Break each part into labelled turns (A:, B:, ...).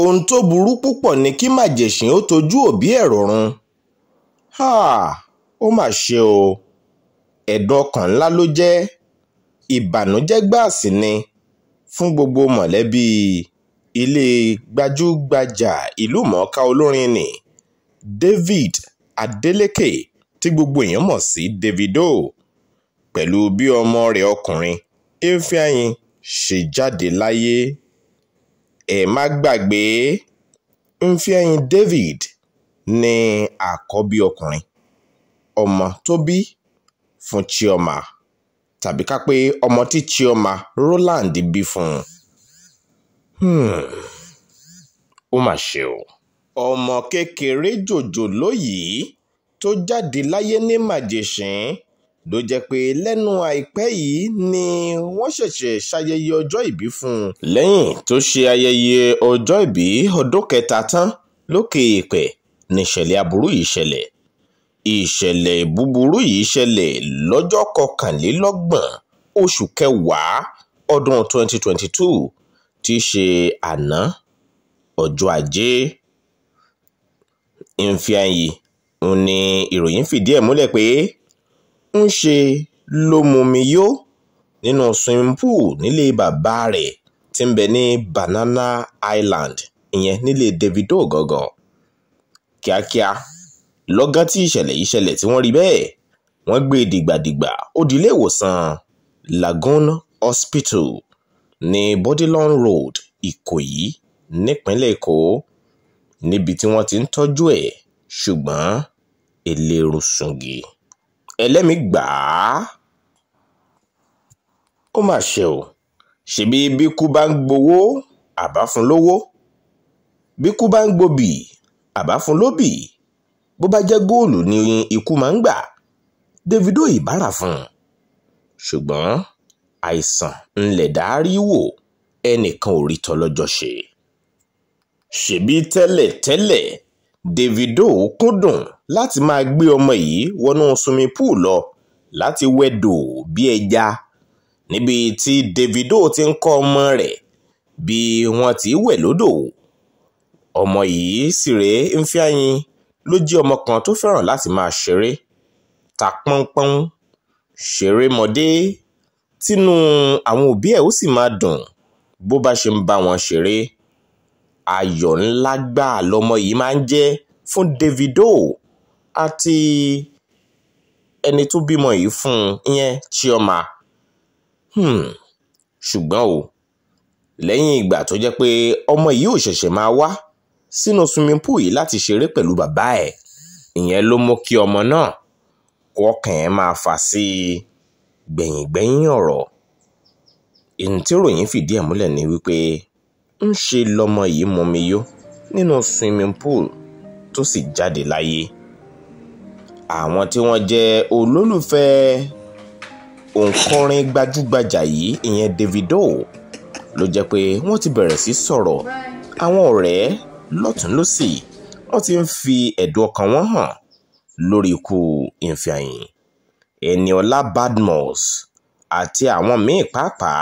A: ohun tó burú púpọ̀ ni kí májèṣín ó tọ́jú òbí ẹ̀ rọ̀run ó mà ṣe o ẹ̀dùn ọkàn ńlá ló jẹ́ ìbànújẹ́ gbáàsì ni fún gbogbo mọ̀lẹ́bí ilé gbajúgbajà ìlú mọ̀ọ́ká olórin ni David Adeleke tí gbogbo èèyàn mọ̀ sí Davido pẹ̀lú bí ọmọ rẹ̀ ọkùnrin Ifeanyi ṣe jáde láyé. ẹ má gbàgbé Ifeanyi David ní àkọ́bí ọkùnrin ọmọ tó bí fún Chioma tàbí ká pé ọmọ tí Chioma Rowland bí fún hmm, ó mà ṣe o ọmọ kékeré jòjò lóyìí tó jáde láyé ní màjèṣín ló jẹ́ pé lẹ́nu àìpẹ́ yìí ni wọ́n ṣẹ̀ṣẹ̀ ṣayẹyẹ ọjọ́ ìbí fún un. lẹ́yìn tó ṣe ayẹyẹ ọjọ́ ìbí ọdún kẹta tán lókè èèpẹ̀ níṣẹ̀lẹ̀ aburú yìí ṣẹlẹ̀ ìṣẹ̀lẹ̀ búburú yìí ṣẹlẹ̀ lọ́jọ́ kọkànlélọ́gbọ̀n oṣù kẹwàá ọdún 2022 tí í ṣe àná ọjọ́ ajé nfianyi ní ìròyìn fìdí ẹ̀ múlẹ̀ pé ńṣe ló mumi yó nínú swimming pool nílé bàbá rẹ̀ tí ń bẹ ní banana island ìyẹn nílé davido gangan kíákíá lọ́gán tí ìṣẹ̀lẹ̀ yìí ṣẹlẹ̀ tí wọ́n rí bẹ́ẹ̀ wọ́n gbé e dìgbàdìgbà ó ìwòsàn lagoon hospital ní bodilon road ìkòyí nípínlẹ̀ èkó níbi tí wọ́n ti ń tọ́jú ẹ̀ ṣùgbọ́n eléru sungi ẹlẹ́mìí gbà á ó mà ṣe o ṣebí bíkú bá ń gbowó àbá fún lówó bíkú bá ń gbobì àbá fún lóbì bó bá jẹ́ góòlù ni ikú máa ń gbà Davido ìbára fún un ṣùgbọ́n àìsàn ńlẹ̀ dárí wò ẹnìkan ò rí tọ́lọ́jọ́ ṣe ṣebí tẹ́lẹ̀ tẹ́lẹ̀ davido kúndùn láti máa gbé ọmọ yìí wọnú swimming pool lọ láti wẹdò bí ẹja níbi tí davido ti ń kọ́ ọmọ rẹ̀ bí wọ́n ti wẹ̀ lódò ọmọ yìí sì rèé Ifeanyi ló jẹ́ ọmọ kan tó fẹ́ràn láti máa ṣeré ta pọ́npọ́n ṣeré mọ́dé tínú àwọn òbí ẹ̀ ó sì máa dùn bó bá ṣe ń bá wọn ṣeré ayọ̀ ńlá gbáà lọmọ yìí máa ń jẹ́ fún Davido àti ẹni tó bímọ yìí fún un ìyẹn Chioma hmm, ṣùgbọ́n o lẹ́yìn ìgbà tó jẹ́ pé ọmọ yìí ò ṣẹ̀ṣẹ̀ máa wá sínú swimming pool yìí láti ṣeré pẹ̀lú bàbá ẹ̀ ìyẹn ló mú kí ọmọ náà kọ́kàn ẹ̀ máa fà sí i gbẹ̀yìngbẹ̀yìn ọ̀rọ̀ èyí fìdí ẹ̀ múlẹ̀ ni wípé ńṣe lọmọ yìí mumi yó nínú swimming pool tó sì jáde láyé àwọn tí wọ́n jẹ́ olólùfẹ́ òǹkọrin gbajúgbajà yìí ìyẹn Davido ló jẹ́ pé wọ́n ti bẹ̀rẹ̀ sí sọ̀rọ̀ àwọn ọ̀rẹ́ lọ́tùnlọ́sì wọ́n ti ń fi ẹ̀dùn ọkàn wọn hàn lórí ikú Ifeanyi Eniola Badmus àti àwọn míì pàápàá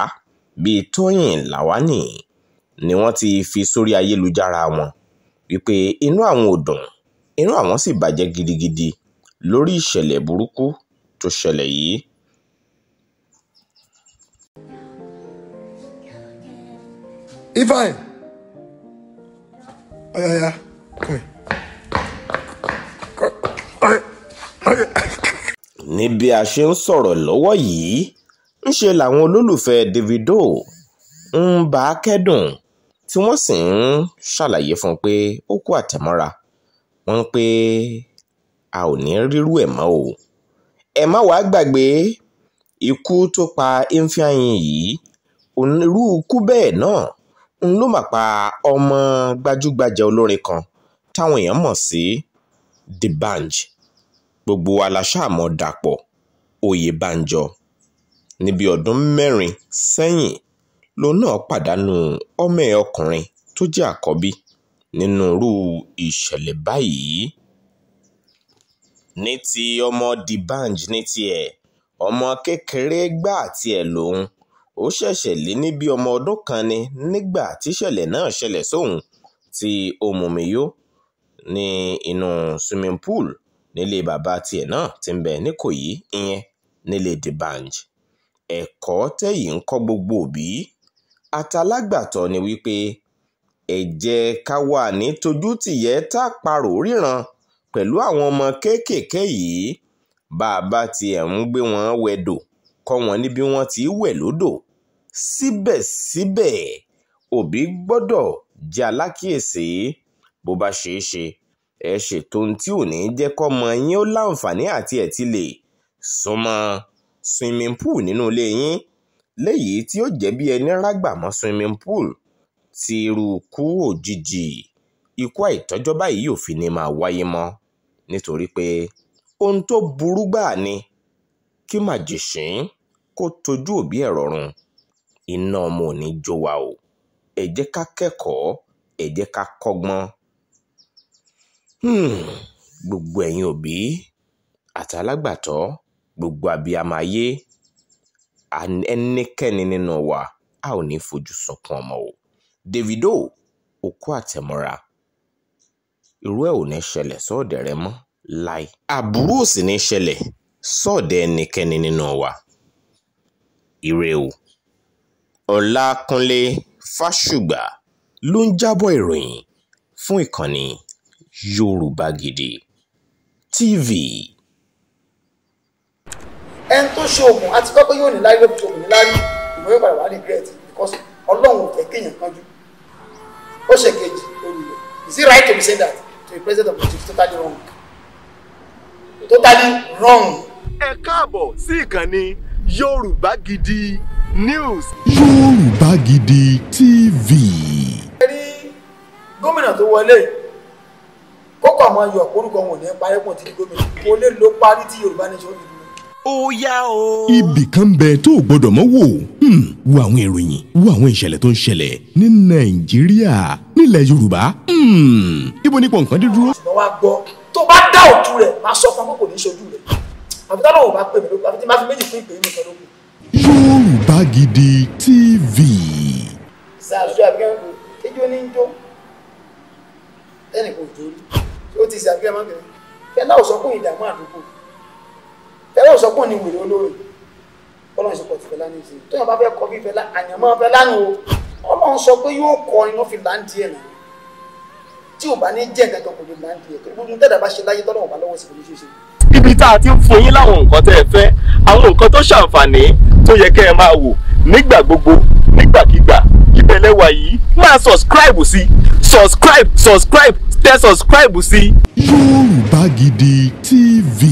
A: bíi Tóyìn Làwánì ni wọ́n ti fi sórí ayélujára wọn wípé inú àwọn ò dùn inú àwọn sì bàjẹ́ gidigidi lórí ìṣẹ̀lẹ̀ burúkú tó ṣẹlẹ̀ yìí. Ifeanyi, oya oya, come here. Ní bí a ṣe ń sọ̀rọ̀ lọ́wọ́ yìí, ńṣe làwọn olólùfẹ́ Davido ń bá a kẹ́dùn tí wọ́n sì ń ṣàlàyé fún un pé ó kú àtẹ̀mọ́ra wọ́n ń pé a ò ní rírú ẹ̀ mọ́ o ẹ má wàá gbàgbé ikú tó pa Ifeanyi yìí onírú ikú bẹ́ẹ̀ náà ń ló mà pa ọmọ gbajúgbajà olórin kan táwọn èèyàn mọ̀ sí D'banj gbogbo aláṣàmọ̀ Dàpọ̀ Oyèbánjọ ní bí ọdún mẹ́rin sẹ́yìn lòun náà pàdánù ọmọ ẹ̀ ọkùnrin tó jẹ́ àkọ́bí nínú irú ìṣẹ̀lẹ̀ báyìí ní ti ọmọ D'banj ní tiẹ̀ ọmọ kékeré gbáà tiẹ̀ lòun ó ṣẹ̀ṣẹ̀ lé ní ọmọ ọdún kan ni nígbà tíṣẹ̀lẹ̀ náà ṣẹlẹ̀ sóun ti ó mumi yó ní inú swimming pool nílé bàbá tiẹ̀ náà ti ń bẹ níkòyí ìyẹn nílé D'banj ẹ̀kọ́ tẹ̀yìn ń kọ́ gbogbo òbí àtàlágbàtọ́ ni wípé ẹ jẹ́ ká wà ní tojútìyẹ́ tá a parò ríran pẹ̀lú àwọn ọmọ kéékèèké yìí bá a bá tiẹ̀ ń gbé wọn wẹ̀dò kọ́ wọn ní bí wọ́n ti wẹ̀ lódò síbẹ̀síbẹ̀ òbí gbọ́dọ̀ jẹ́ alákìyèsí bó bá ṣeé ṣe ẹ ṣètò ohun tí ò ní jẹ́ kọ́mọ yín ó láǹfààní àti ẹ̀ ti lè súnmọ́ swimming pool nínú ilé yín léyìí tí ó jẹ́ bí ẹni rágbà mọ́ swimming pool tí irú kú òjijì ikú àìtọ́jọ́ báyìí ò fi ní máa wáyé mọ́ nítorí pé ohun tó burú gbáà ni kí màjèṣín kó tojú òbí ẹ̀ rọrùn iná ọmọ ò ní jó wa o ẹ jẹ́ ká kẹ́kọ̀ọ́ ẹ jẹ́ ká kọ́gbọ́n hmm, gbogbo ẹ̀yin òbí àtàlágbàtọ́ gbogbo abiyamọ ayé ẹnikẹ́ni nínú wa a ò ní fojú sunkún ọmọ o Davido okú àtẹ̀mọ́ra irú ẹ̀ ò ní ṣẹlẹ̀ sọ́ọ̀dẹ̀ rẹ mọ́ láì àbúrò sì ní ṣẹlẹ̀ sọ́ọ̀dẹ̀ ẹnikẹ́ni nínú wa ire o Ọlákúnlé Fásùgbà ló ń jábọ̀ ìròyìn fún ìkànnì Yorùbá Gidi TV ẹni tó ṣe oògùn àti kọ́kọ́ yóò ní láyé ló fi ṣe ní láyé ìmọ̀ yóò padà wà ní gírẹ́ẹ̀tì because ọlọ́run ò fẹ́ kéèyàn kanjú ó ṣe kejì lórí rẹ̀ is it right to be saying that to a president of the church totally wrong totally wrong. ẹ káàbọ̀ sí ìkànnì Yorùbá Gidi News. Yorùbá Gidi TV. ẹ rí gómìnà tó wọlé kókò àwọn ayọ̀ orúkọ wọn ò ní parí pọ̀ tí gómìnà kò lè lo parí tí Yorùbá Nation ó yá o. ibì kan bẹ tó o gbọdọ̀ mọ́ wò hmm, wo àwọn ìròyìn wo àwọn ìṣẹ̀lẹ̀ tó ń ṣẹlẹ̀ ní nàìjíríà nílẹ̀ yorùbá hmm, ibo nípò nǹkan dé dúró. ṣùgbọ́n wàá gbọ́ tó bá dá òtún rẹ̀ máa sọ fún akókò ní ṣojú rẹ̀ àbí táwọn ò bá pè mí lóko àbí tí máa fi méjì fún ìpè mí kan lóko. Yorùbá Gidi TV. ṣàṣù àbíkẹ́wò kéjọ ní jó ẹnì kò jó ó ti ṣe àbíkẹ́wò máa ń bẹ̀rẹ̀ fẹ́ náà sọ fún ìdààmú àdúgbò fẹlẹ ọsọpọ ni wèrè olóore Ọlọ́run sọpọ ti fẹlá ní ìsìn tó yàn bá fẹ́ kọ bí fẹlá àyànmọ́ fẹlá nù o Ọlọ́run sọ pé yóò kọ iná fi láǹdì ẹ nìyẹn tí o bá ní jẹ kankan kò lè láǹdì ẹ torí gbogbo tẹdà bá ṣe láyé tọ́lọ́wọ̀n bá lọ́wọ́ sí kò ní ṣe é ṣe. ibi tá a ti ń fún yín láwọn nǹkan tẹ́ ẹ fẹ́ àwọn nǹkan tó ṣàǹfààní tó yẹ kẹ́ ẹ máa wò nígbà gbogbo nígbàkigbà ìbẹ̀lẹ̀wà yìí máa subscribe sí subscribe subscribe tẹ subscribe sí. Yorùbá Gidi TV.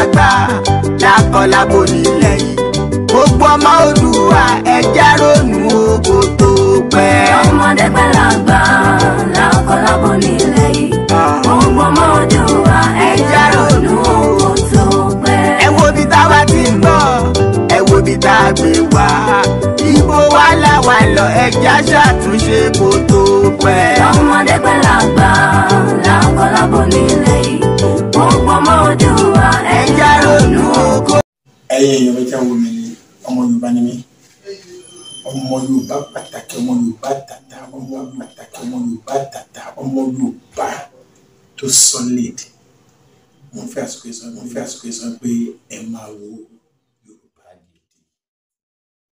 A: àgbà lákọlábo nílẹ̀ yìí gbogbo ọmọ Oòduà ẹja ronú ogo tó pẹ́. ọmọdé pẹ́ làgbà lákọlábo nílẹ̀ yìí gbogbo ọmọ Oòduà ẹja ronú ogo tó pẹ́. ẹ wo bí táwa ti ń bọ̀ ẹ wo bí tá a gbé wá ibo wa làwa lọ ẹja ṣàtúnṣe kó tó pẹ́. ọmọdé pẹ́ làgbà lákọlábo nílẹ̀ yìí. ẹ̀yin èèyàn mi tí wọ́n wò mí ni ọmọ Yorùbá ni mí ọmọ Yorùbá pàtàkì ọmọ Yorùbá tàtà ọmọ pàtàkì ọmọ Yorùbá tàtà ọmọ Yorùbá tó solid mo fẹ́ àsìkò ìsọ mo fẹ́ àsìkò ìsọ pé ẹ máa wò ó.